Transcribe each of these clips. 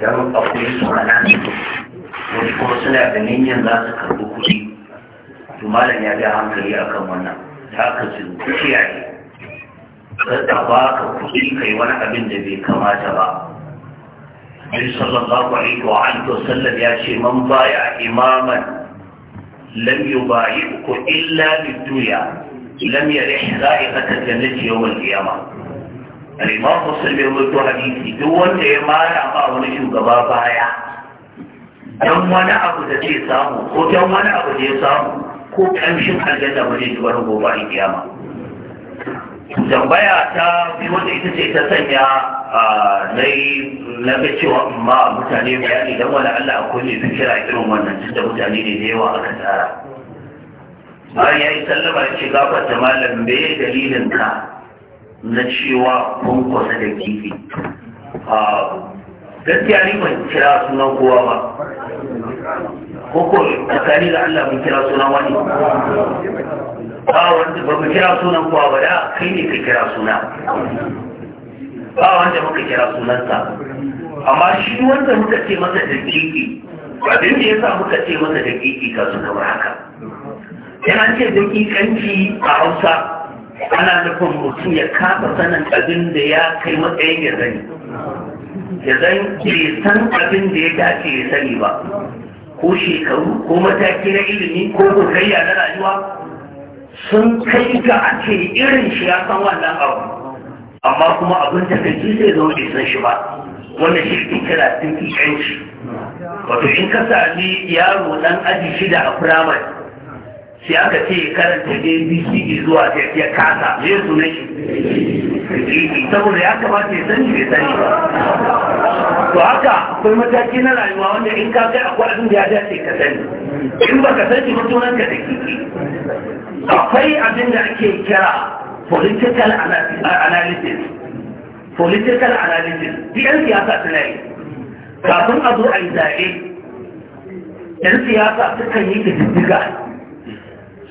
don akwai su a wani kuma suna da niyyar za su karɓi kuɗi to malam ya ga hankali akan wannan ta ka su kiyaye kada ba ka kuɗi kai wani abin da bai kamata ba Nabi sallallahu alaihi wa alihi wa sallam ya ce man baya imaman lam yubayiku illa bid dunya lam yarih ra'iqata jannati yawm al-qiyamah al'imam musulmi ya rubuto hadisi duk wanda ya mara ba wani shugaba baya don wani abu da zai samu ko don wani abu da ya samu ko kamshin aljanna ba zai shigar gobe a kiyama tambaya ta bi wanda ita ce ta sanya na yi na cewa ma mutane bayani don wani allah akwai ne su kira irin wannan tunda mutane ne da yawa aka tsara bayan ya yi sallama ya ce gafar malam me dalilin ka na cewa kun kwasa da kifi gaskiya ni ban kira sunan kowa ba ko ko tsakani da Allah mun kira sunan wani ba wanda ba mu kira sunan kowa ba da kai ne ka kira suna ba wanda muka kira sunansa amma shi wanda muka ce masa da kifi abin da ya sa muka ce masa da kifi ka suna ba haka yana ce da kikanci a hausa ana nufin mutum ya kafa sanin abin da ya kai matsayin ya zani ya zan ke san abin da ya dace ya sani ba ko shekaru ko mataki na ilimi ko kokayya na rayuwa sun kai ga ake irin shi ya san wannan abu amma kuma abin da kai zai zo bai san shi ba wannan shi ke kira sun fi wato in ka sami yaro dan aji shida a firamare shi aka ce karanta abcd zuwa ya kasa me sunan shi saboda ya kamata ya sani bai sani ba to haka akwai mataki na rayuwa wanda in ka kai akwai abin da ya dace ka sani in ba ka sani mutunan ka da kiki akwai abin da ake kira political analysis political analysis yan siyasa suna yi kafin a zo a yi zaɓe yan siyasa sukan yi da diddiga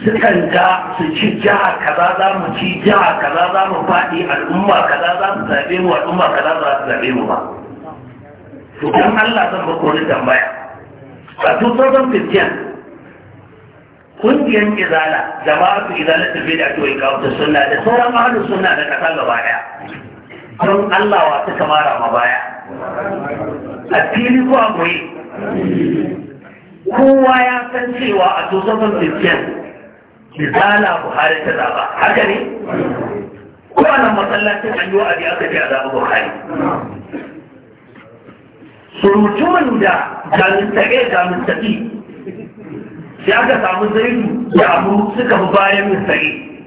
sukan ga su ci jiha kaza za mu ci jiha kaza za mu faɗi al'umma kaza za su zaɓe mu al'umma kaza za su zaɓe mu ba to dan Allah zan ba kori tambaya a 2015 kungiyar izala jama'atu izala ta fi da ake wai kawo ta sunna da sauran ahlus sunna da kasa gaba daya don Allah wa ta kamara ma baya a fili ko a kowa ya san cewa a 2015 izala buhari ta zaba haka ne kuma nan masallacin an yi wa abi aka ce a zaba buhari surutun da jami'ai jami'ai sai aka samu zaidu da abu suka fi bayan mistake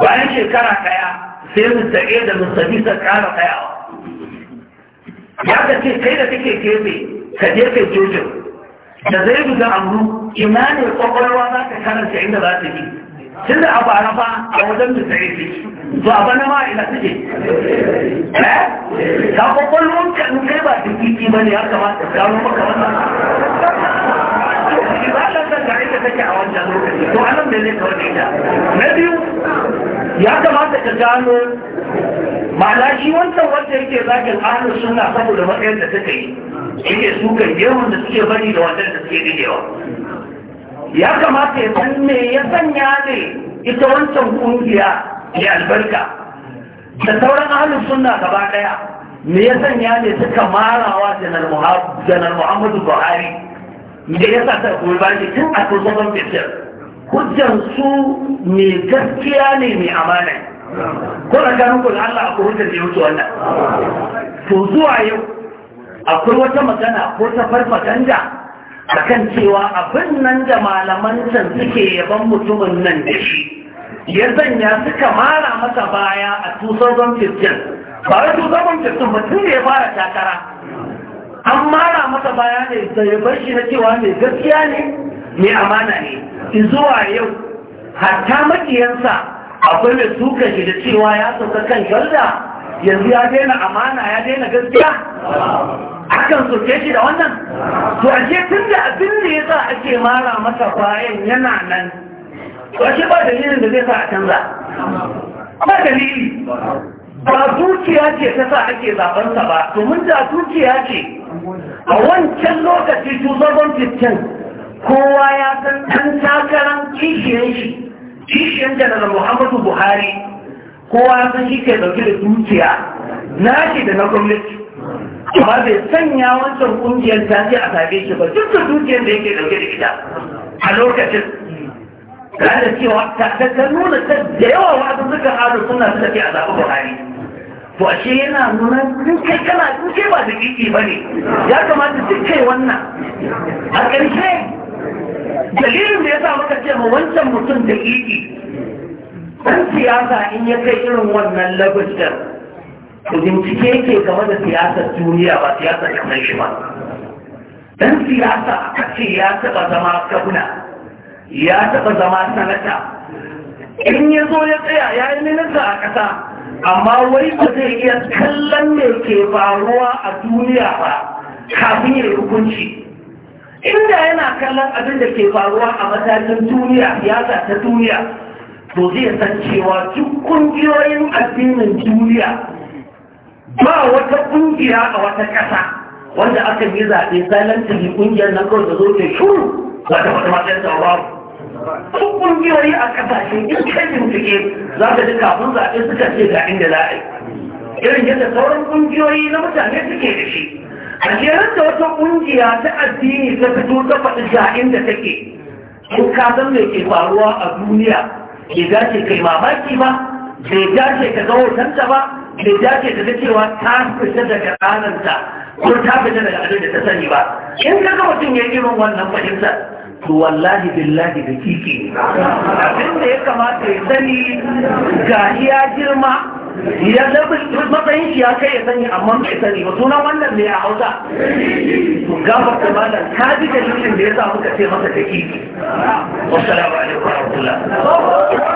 bayan shekara kaya sai mistake da mistake suka kara kayawa ya ka ce kai da take gefe ka jefe jojin da zaidu da amru ina ne kwakwalwa za ka karanta inda za ta yi. tun da abu arafa a wajen da tsaye ce to a bana ma ina suke eh ta kwakwalwar ka in kai ba ta kiki ba ne ya kamata ta gano maka wannan ibalar da gare ta take a wancan lokaci to anan da ne kawai ne ta na biyu ya kamata ka gano ma'ana shi wancan wanda yake zagin ahlus suna saboda matsayin da take yi yake sukan yawan da suke bari da wannan da suke digewa ya kamata ya san me ya sanya ne ita wancan kungiya ya albarka da sauran ahalin sunna gaba daya me ya sanya ne suka marawa janar muhammadu buhari da ya sata kuma goyi bayan tun a kusurban fitar hujjan su mai gaskiya ne mai amana ko da gano kun Allah a da ya wuce wannan to zuwa yau akwai wata magana ko ta farfaganda kan cewa abin nan da malaman can suke yaban mutumin nan da shi ya zanya suka mara masa baya a 2015 ba wai 2015 ba ya fara takara an mara masa baya ne da ya bar shi na cewa mai gaskiya ne mai amana ne zuwa yau hatta makiyansa akwai mai suka shi da cewa ya sauka kan shalda yanzu ya daina amana ya daina gaskiya akan soke shi da wannan to ashe tun da abin da ya a ake mara masa bayan yana nan ashe ba dalilin da zai sa a canza ba dalili ba dukiya ce ta sa ake zabansa ba domin da dukiya ce a wancan lokaci 2015 kowa ya san ɗan takarar kishiyan shi kishiyan janar muhammadu buhari kowa ya san shi ke dauke da dukiya na shi da na gwamnati amma bai sanya wancan kungiyar ta ji a same shi ba duk da dukiyar da yake dauke da ita a lokacin ga da cewa ta ta nuna ta da yawa wasu suka hadu suna suka ce a zaɓi buhari to ashe yana nuna in kai kana in kai ba da kiki ba ne ya kamata duk kai wannan a ƙarshe dalilin da ya sa muka ce ma wancan mutum da kiki ɗan siyasa in ya kai irin wannan labar da bincike yake game da siyasar duniya ba siyasar kamar shi ba dan siyasa a ce ya taɓa zama kabuna ya taɓa zama sanata in ya zo ya tsaya ya yi minista a ƙasa amma wai ba zai iya kallon me ke faruwa a duniya ba kafin ya hukunci inda yana kallon abin da ke faruwa a matakin duniya siyasa ta duniya to zai san cewa duk kungiyoyin addinin duniya ba wata ƙungiya a wata ƙasa wanda aka yi zaɓe salantin ƙungiyar nan kawai da zo ke shuru ba ta wata matsayin da babu sun ƙungiyoyi a ƙasashen in kai bincike za ka ji kafin zaɓe suka ce ga inda za a yi irin yadda sauran ƙungiyoyi na mutane suke da shi a jerar da wata ƙungiya ta addini ta fito ta faɗi ga inda take ko ka san me ke faruwa a duniya ke dace kai mamaki ba bai dace ka ga hotonta ba bai dace da cewa ta fita daga ranarta ko ta fita daga abin da ta sani ba in ka ga mutum ya irin wannan fahimtar to wallahi billahi da kike abin da ya kamata ya sani ga iya girma ya zaɓi matsayin shi ya kai ya sani amma bai sani ba sunan wannan ne a hausa to gaba ta malam ka ji dalilin da ya sa muka ce masa da kike wassalamu alaikum warahmatullahi